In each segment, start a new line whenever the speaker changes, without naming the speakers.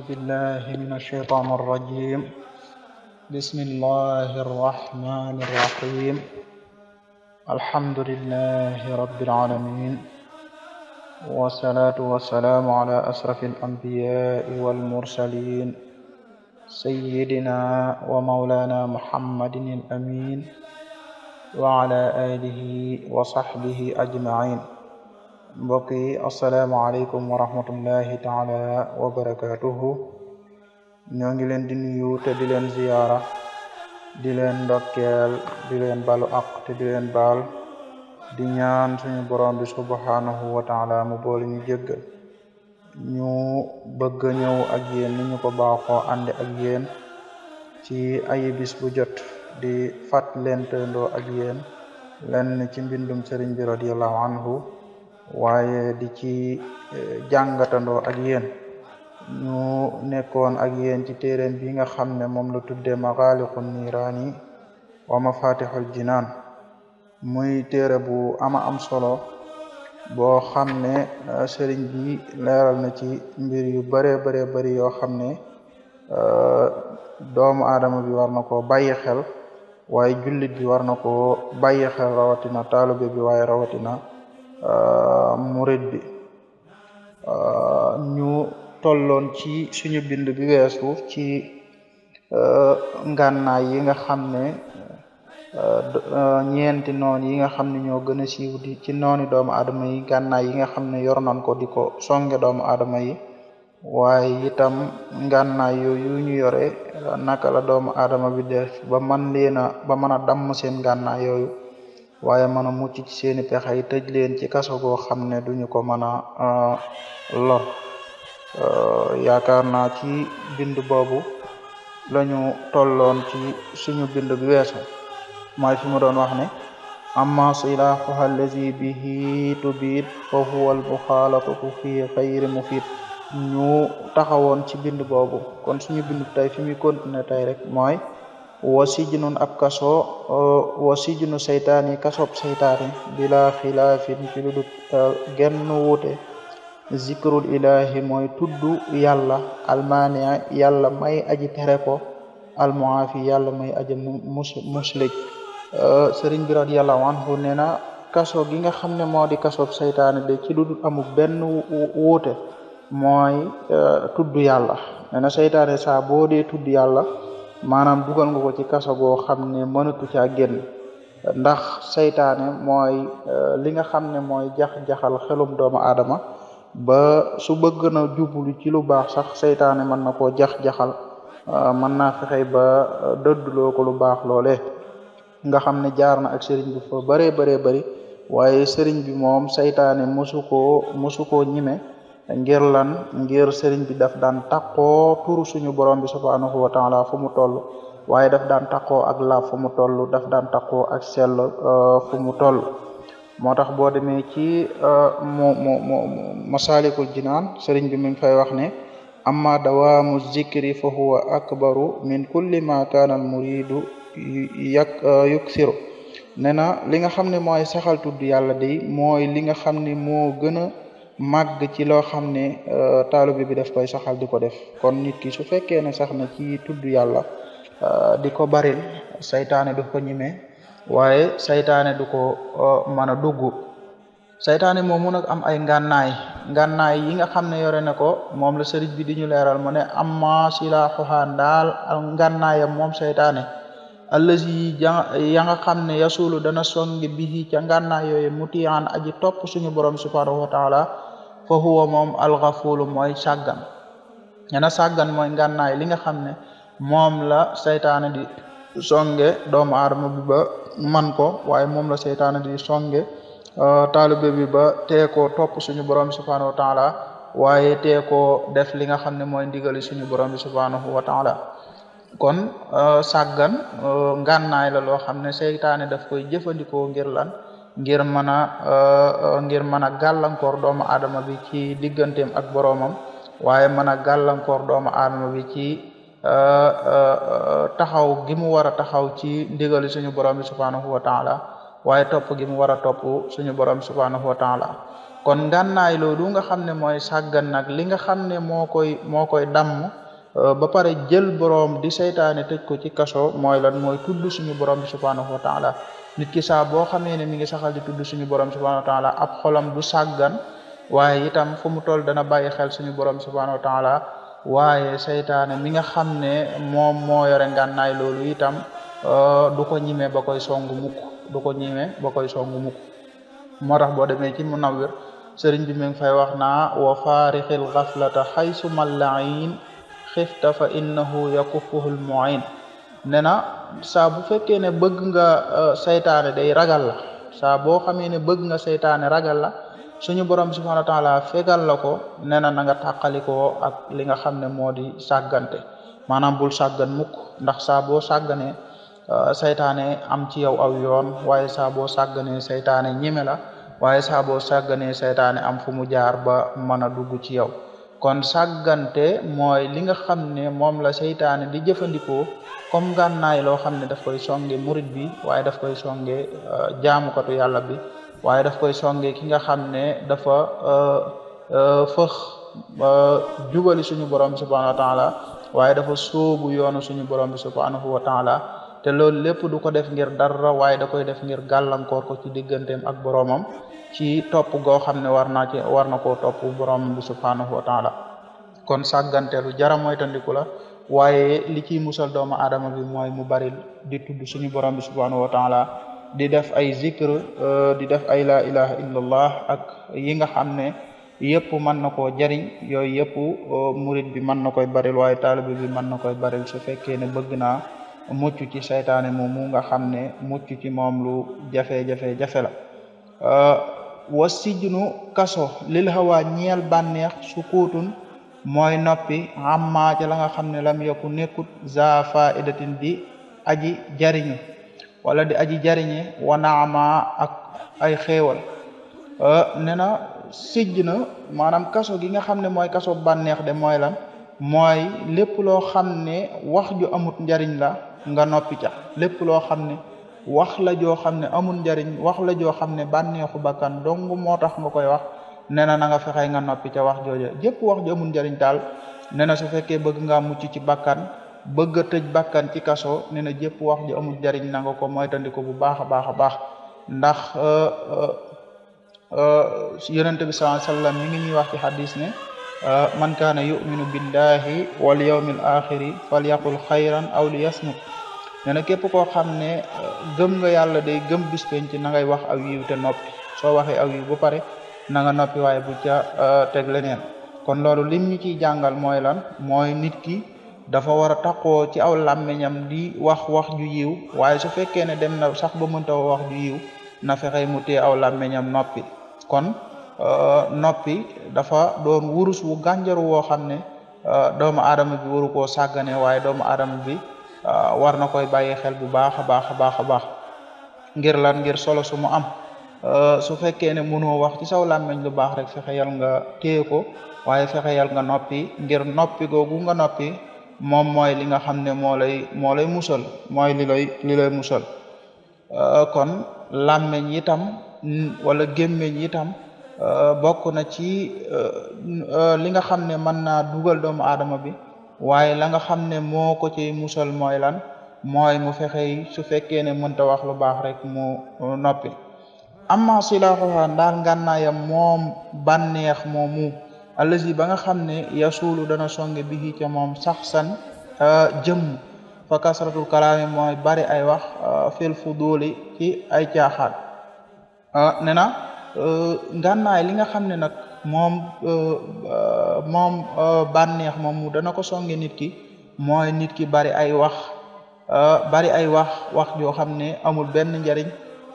أعوذ بالله من الشيطان الرجيم بسم الله الرحمن الرحيم الحمد لله رب العالمين والصلاة والسلام على أشرف الأنبياء والمرسلين سيدنا ومولانا محمد الأمين وعلى آله وصحبه أجمعين mbokk yi asalaamaaleykum wa rahmatullahi taala wa barakaatuhu ñoo ngi leen di nuyu te di leen ziyaara di leen ndokkeel di leen balu aq te di leen bal di ñaan suñu borom bi subhanahu wa taala mu boole ñu jéggal ñu bëgg a ñëw ak yéen ñu ko baaxoo ànde ak yéen ci ay bu jot di fat leen tëndoo ak yéen lenn ci mbindum sëriñ bi radiallahu anhu waaye di ci eh, jàngatandoo ak yéen ñu nekkoon ak yéen ci téeréem bi nga xam ne moom la tudde maxaaliqun niiraani wa mafatixul jinaan muy téere bu ama am solo boo xam ne eh, sëriñ bi leeral na ci mbir yu bare bare bari yoo xam ne eh, doomu aadama bi war na koo bàyyi xel waaye jullit bi war na koo bàyyi xel rawatina talube bi waaye rawatina Euh, murid bi euh, ñu tolloon ci suñu bind bi weesu ci euh, ngànnaay yi nga xam ne ñeenti noon yi nga xam ne ñoo gën a siiw di ci nooni doomu aadama yi ngànnaay yi nga xam ne yor nañ ko di ko songe doomu adama yi waaye itam ngànnaay yooyu ñu yore naka la doomu aadama bi def ba man leena ba mën a damm seen ngànnaay yooyu waaye mën a mucc ci seeni pexe yi tëj leen ci kaso goo xam ne duñu ko mën a lor yaakaar naa ci bind boobu lañu tolloon ci suñu bind bi weesu mooy fi mu doon wax ne amma silaaxuha allazi bihi tubiit fa huwa almuxaalafatu fi xayri mufiid ñu taxawoon ci bind boobu kon suñu bind tey fi muy continuer tey rek mooy wa sijnun ab kaso euh, wa sijnu seytaani kasob seytaane bila xilaafin ci lu dut euh, genn wuute zikrul ilahi mooy tuddu yàlla almania yàlla may aji tere ko almuafi yàlla may aji mus muslik euh, sëriñ bi radiyallahu anhu nee na kaso gi nga xam ne moo di kasob seytaane de ci lu dut amul benn wuute mooy tudd yàlla nee na saa boo dee tudd yàlla maanaam dugal nga ko ci kaso goo xam ne mënatu caa génn ndax saytaane mooy euh, li nga xam ne mooy jax-jaxal xelum doomu aadama ba su bëgg na jublu ci lu baax sax seytaane mën na koo jax-jaxal euh, mën naa fexey ba euh, dëdduloo ko lu baax loole nga xam ne jaar na ak sëriñ bi fa baree baree bari waaye sëriñ bi moom saytaane mësu koo mësu koo ñime ngir lan ngir sëriñ bi daf daan takkoo turu suñu borom bi subhanahu wa taala fu mu toll waaye daf daan takkoo ak laab fu mu toll daf daan takkoo ak sell euh, fu mu toll moo tax boo demee ci euh, mu mu mu masalikul jinaan sëriñ bi mi ngi fay wax ne amma dawaamu zikri fa huwa akbaru min kulli ma kaana al muridu yak euh, yuksiru nee na xam ne mooy saxal tudd yàlla day mooy li xam ne moo gën màgg ci loo xam ne euh, taalibe bi def koy saxal di ko def kon nit ki su fekkee ne sax na ci tudd yàlla euh, di ko baril saytaane du ko ñimee waaye saytaane du ko euh, mën a dugg saytaane moomu am ay ngànnaay ngànnaay yi nga xam ne yore na ko moom la sëriñ bi di ñu leeral mu ne amma silaaxuhaa daal ngànnaayam moom saytaane allazi ya nga xam ne yasulu dana songi bihi ca ngànnaay yooyu mutiyaan aji topp suñu borom subhanahu wa fa huwa moom alxafulu mooy sàggan ñena sàggan mooy ngànnaay li nga xam ne moom la seytaane di songe doomu aadama bi ba man ko waaye moom la seytaane di songe euh, taalibe bi ba tee ko topp suñu borom bi subhanahu wa taala waaye tee ko def li nga xam ne mooy ndigali suñu borom bi subhanahu wa taala kon euh, sàggan euh, ngànnaay la loo xam ne seytaane daf koy jëfandikoo ngir lan ngir mën a euh, euh, ngir mën a gàllankoor doomu aadama bi ci digganteem ak boroomam waaye mën a gàllankoor doomu aadama bi ci euh, taxaw gi mu war a taxaw ci ndigali suñu borom bi subhanahu wa taala waaye topp gi mu war a topp suñu borom bi subhanahu wa taala kon ngànnaay loolu nga xam ne mooy saggan nag li nga xam ne moo koy moo koy damm ba pare jël borom di seytaane tëj ko ci kaso mooy lan mooy tudd suñu borom bi subhanahu wa taala nit ki saa boo xamee ne mi ngi saxal di tudd suñu borom subhanahu wa taala ab xolam du sàggan waaye itam fu mu toll dana bàyyi xel suñu borom subhanahu wa taala waaye saytaane mi nga xam ne moom moo yore ngànnaay loolu itam euh, du ko ñime ba koy songu mukk du ko ñime ba koy songu moo tax boo demee ci Munawwir sëriñ bi mi ngi fay wax naa wa faarixil xaflata xaysu mallain xifta fa innahu yakuffuhu lmuin ne na saa bu fekkee ne bëgg nga euh, saytaane day ragal la saa boo xamee ne bëgg nga saytaane ragal la suñu borom subhanahu wa taala fegal la ko ne na na nga tàqalikoo ak li nga xam ne moo di sàggante maanaam bul sàggan mukk ndax saa boo sàgganee euh, saytaane am ci yow aw waaye saa boo sàgganee saytaane ñime la waaye saa boo sàgganee saytaane am fu mu jaar ba mën a dugg ci yow kon sàggante mooy li nga xam ne moom la saytaane di jëfandikoo comme naay loo xam ne daf koy songe murit bi waaye daf koy songe euh, jaamukatu yàlla bi waaye daf koy songe ki nga xam ne dafa euh, euh, fëx jubali suñu borom bi subhanahu wa taala waaye dafa sóobu yoonu suñu borom bi subhanahu wa taala te loolu lépp du ko def ngir dara waaye da koy def ngir gàllankoor ko ci digganteem ak boromam ci topp goo xam ne war naa ci war na koo topp borom bu subhanahu wa taala kon sàggante lu jara moytandiku la waaye li ciy musal doomu aadama bi mooy mu bari di tudd suñu borom bi subhanahu wa taala di def ay zikr euh, di def ay la ilaha illallah ak yi nga xam ne yëpp mën na koo jariñ yooyu yëpp euh, murit bi mën na koy baril waaye taalibe bi mën na koy baril su fekkee ne bëgg naa mucc ci saytaane moom mu nga xam ne mucc ci moom lu jafe-jafe-jafe la euh, wa sijnu kaso lil hawa ñeel bànneex su mooy noppi amma ca la nga xam ne lam yokku nekkut za faidatin di aji jariñu wala di aji jariñe wa ak ay xéewal euh, ne na sijj na maanaam kaso gi nga xam ne mooy kaso bànneex de mooy lan mooy lépp loo xam ne wax ju amut njariñ la nga noppi ca lépp loo xam ne wax la joo xam ne amul njariñ wax la joo xam ne bànneexu bakkan dong moo tax nga koy wax nee na na nga fexe nga noppi ca wax jooja jëpp wax ja amul njëriñ daal nee na su fekkee bëgg ngaa mucc ci bakkan bëgg a tëj bakkan ci kaso nee na jëpp wax ju amul njëriñ na nga ko moytandiku bu baax a baax a baax ndax euh, euh, euh, yonente bi sallallahu alayhi wasallam mi ngi ñuy wax ci xadis ne man kaana yuminu billahi wal yawmil axiri falyaqul xayran aw liyasmut nee na képp koo xam ne gëm nga yàlla day gëm bis ci na ngay wax aw yiw te noppi soo waxee aw yiw ba pare na nga noppi waaye bu ca euh, teg leneen kon loolu lim ñu ciy jàngal mooy lan mooy nit ki dafa war a taqoo ci aw làmmiñam di wax wax ju yiw waaye su fekkee ne dem na sax ba mënta wax ju yiw na fexe mu téye aw làmmiñam noppi kon euh, noppi dafa doon wurus wu gànjaru woo xam ne euh, doomu aadama bi waru koo sàggane waaye doomu aadama bi war na koy bàyyi xel bu baax a baax a baax a baax ngir lan ngir solo su mu am Euh, su fekkee ne mënoo wax ci saw làmmiñ lu baax rek fexe nga téye ko waaye fexe nga noppi ngir noppi googu nga noppi moom mooy li nga xam ne moo lay moo lay musal mooy li lay li lay euh, kon làmmiñ itam wala gémmiñ itam euh, bokk na ci li nga xam ne mën naa dugal doomu aadama bi waaye la nga xam ne moo ko ci musal mooy lan mooy mu fexe su fekkee ne mënta wax lu baax rek mu noppi amma silaxuha ndaal ngànnaayam moom bànneex moomu allazi ba nga xam ne yasuulu dana songe bihi ca moom saxsan jëmm fa kasratul kalaami mooy bari ay wax fil doole ki ay caaxaan ne na e, ngànnaay li nga xam ne nag moom e, moom e, bànneex moomu dana ko songe nit ki mooy nit ki bari ay wax bari ay wax wax joo xam ne amul benn njariñ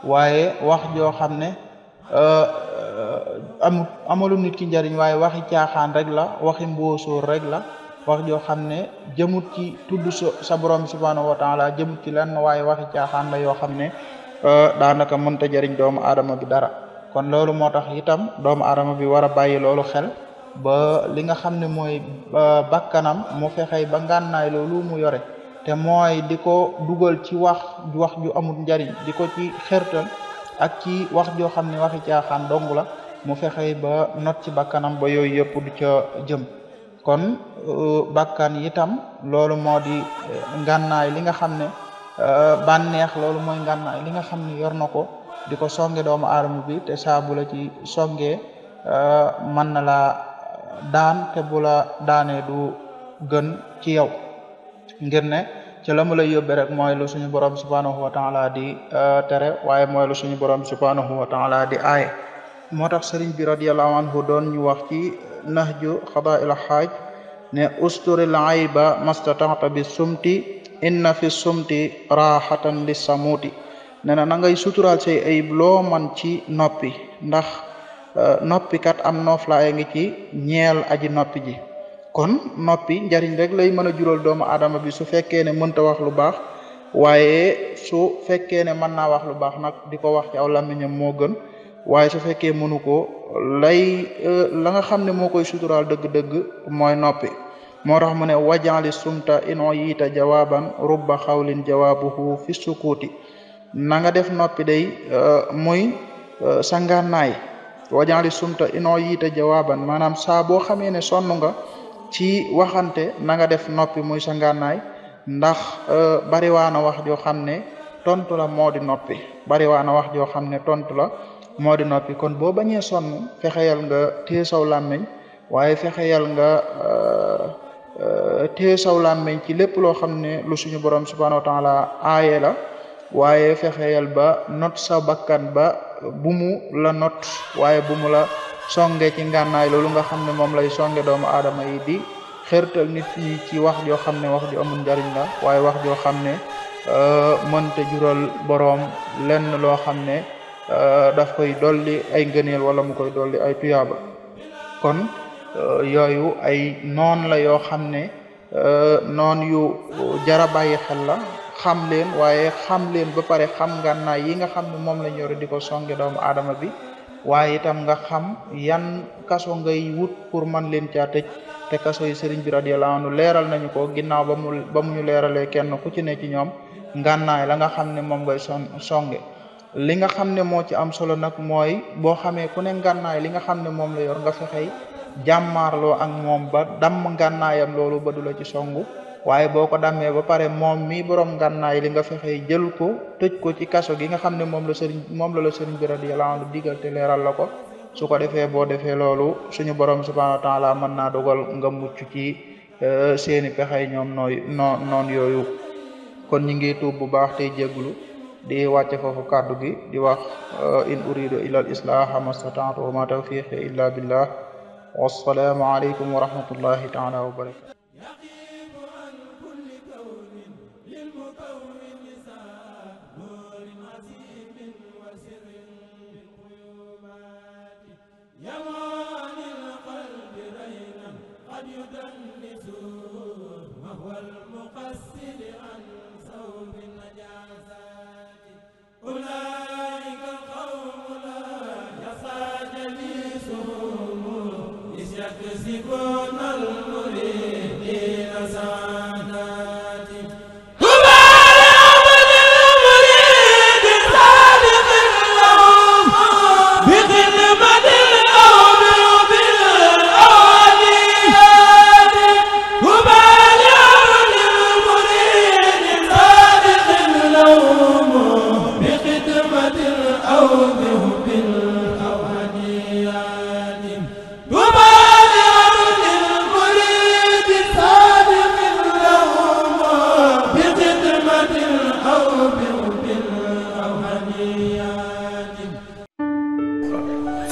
waaye wax joo xam ne euh, euh, am amalu nit ki njariñ waaye waxi caaxaan rek la waxi mboosóor rek la wax joo xam ne jëmut ci tudd sa borom bi subhanahu wa taala jëmut ci lenn waaye waxi caaxaan la yoo xam ne euh, daanaka mënta jariñ doomu aadama bi dara kon loolu moo tax itam doomu aadama bi war a bàyyi loolu xel ba li nga xam ne mooy bakkanam mu fexey ba ngànnaay loolu mu yore te mooy di ko dugal ci wax wax ju amul njariñ di ko ci xertal ak ci wax joo xam ne waxi caaxaan dong la mu fexe ba not ci bakkanam ba yooyu yëpp du ca jëm kon euh, bakkan yitam loolu moo di euh, ngànnaay li nga xam ne euh, bànneex loolu mooy ngànnaay li nga xam ni yor na ko di ko songe doomu aadama bi te saabu la ci songee mën na la daan te daanee du gën ci yow ngir ne ci la mu lay yóbbee rek mooy lu suñu borom subhanahu wa laa di euh, tere waaye mooy lu suñu borom subhanahu wa taala di aaye moo tax sëriñ bi radiallahu anhu doon ñu wax ci nahju xadail xaaj ne ba ayba mastatanta bi sumti inna fi sumti raxatan li samuuti ne na na ngay suturaal say ayib loo ci noppi ndax euh, noppikat am noof laaye ngi ci ñeel aji noppi ji kon noppi njariñ rek lay mën a jural doomu aadama bi su fekkee ne mënta wax lu baax waaye su fekkee ne mën naa wax lu baax nag di ko wax ci aw làmmiñam moo gën waaye su fekkee mënu ko lay e, la nga xam ne moo koy suturaal dëgg-dëgg mooy noppi moo tax mu ne wajanli sumta ino yiita jawaaban rubba xawlin jawaabuhu fi sukuuti na nga def noppi day e, muy e, sa ngànnaay wajanli sumta ino yiita jawaaban maanaam saa boo xamee ne sonn nga ci waxante na nga def noppi muy sa ngànnaay ndax euh, bariwaana wax joo xam ne tontu la moo di noppi bariwaana wax joo xam ne tontu la moo di noppi kon boo bañee sonn fexeyal nga téye saw làmmiñ waaye fexeyal nga euh, euh, téye saw làmmiñ ci lépp loo xam ne lu suñu borom subhanahu wa taala aaye la waaye fexeyal ba not sa bakkan ba bu mu la not songe ci ngànnaay loolu nga xam ne moom lay songe doomu aadama yi bi xërtal nit ñi ci wax joo xam ne wax ju amul njariñ la waaye wax joo xam ne euh, mënta jural boroom lenn loo xam ne euh, daf koy dolli ay ngëneel wala mu koy dolli ay tuyaaba kon euh, yooyu ay noon la yoo xam ne noon yu jara bàyyi xel la xam leen waaye xam leen ba pare xam ngànnaay yi nga xam ne moom lañ yore di ko songe doomu aadama bi waaye itam nga xam yan kaso ngay wut pour man leen caa tëj te kaso yi sëriñ bi radiyallahu anhu leeral nañu ko ginnaaw ba mu ba mu ñu leeralee kenn ku ci ne ci ñoom ngànnaay la nga xam ne moom ngay son songe li nga xam ne moo ci am solo nag mooy boo xamee ku ne ngànnaay li nga xam ne moom la yor nga fexey jàmmaarloo ak moom ba damm ngànnaayam loolu ba du ci songu waaye boo ko dammee ba pare moom mi borom gànnaay li nga fexe jël ko tëj ko ci kaso gi nga xam ne moom la sëriñ moom la la sëriñ bi radiyallahu anhu digal te leeral la ko su ko defee boo defee loolu suñu borom subhanahu wa taala mën naa dogal nga mucc ci euh, seeni pexey ñoom nooy noo noon yooyu kon ñi ngi tuub bu baax te jéglu di wàcce foofu kàddu gi di wax euh, in uridu illa al islaha mastata'tu wa ma tawfiqi ila billah wassalaamu aleykum wa rahmatullahi taala wa barakatu si